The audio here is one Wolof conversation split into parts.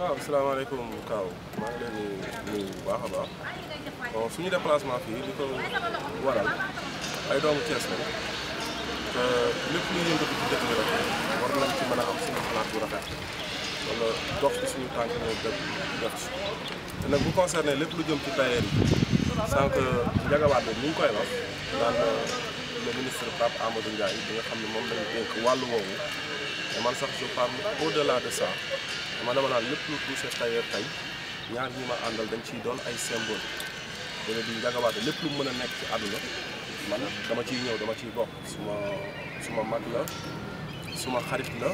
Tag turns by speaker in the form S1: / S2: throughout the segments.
S1: waaw salaamaaleykum Kaaw maa ngi leen di nuyu bu baax a baax suñu déplacement fii li ko waral ay doomu Thiès lañ te lépp luy yëngatu ci dëkk bi rek war nañ ci mën a am suñu xalaat bu rafet wala dox ci suñu tànk ñoom def def nag bu concerné lépp lu jëm ci tailleur yi sànq njagawaat bi ni ñu koy wax daan le ministre Pape Amadou Ndiaye bi nga xam ne moom lañu dénk wàll woowu te man sax je parle au-delà de ça dama dama naan lépp lu touché tailleur tey ñaar ñi ma àndal dañ ciy doon ay symbole dana di njagawaate lépp lu mu mën a nekk ci àdduna man dama ciy ñëw dama ciy bokk su suma suma mag la suma xarit la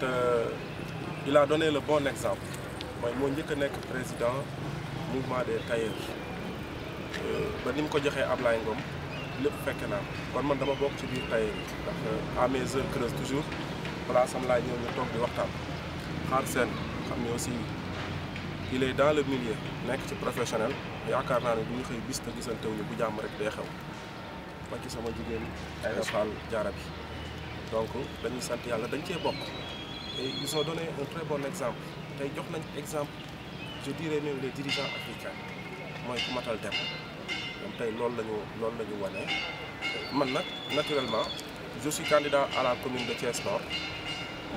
S1: te il a donné le bon exemple mooy moo njëkk a nekk président mouvement des tailleurs euh, ba ni mu ko joxee Ablaye Ngom lépp fekk naa kon man dama bokk ci biir tailleur yi ndax euh, à mes heures toujours place am laa ñëw ñu toog di waxtaan xaar seen xam ne aussi il est dans le milieu nekk ci professionnel yaakaar naa ne bu ñu xëy bis te gisantew ñu bu jàmm rek day xew ba ci sama jigéen Aïda Fall jaara bi donc dañuy sant yàlla dañ cee bokk et ils ont donné un très bon exemple tey jox nañ exemple je dirais même les mooy ku matal dem ñoom tey loolu lañu loolu la ñu wane man nag naturellement je suis à la commune de Thiès Nord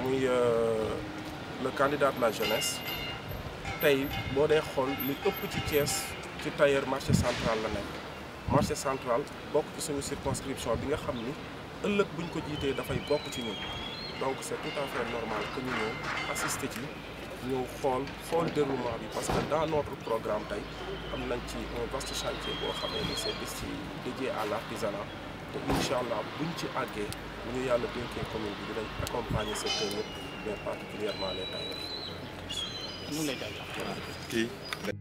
S1: muy euh, le candidat la jeunesse tey boo dee xool li ëpp ci Thiès ci tailleur marché central la nekk marché central bokk ci suñu circonscription bi nga xam ni ëllëg buñ ko jiitee dafay bokk ci ñun donc c'est tout à fait normal que ñu ñëw assisté ci ñëw xool xool déroulement bi parce que dans notre programme tey am nañ ci un vaste chantier boo xamee ni c'est dédié à l'artisanat te incha allah buñ ci àggee bu ñu yàlla dénkee commune bi dinañ accompagner secteur yëpp mais particulièrement les tailleurs.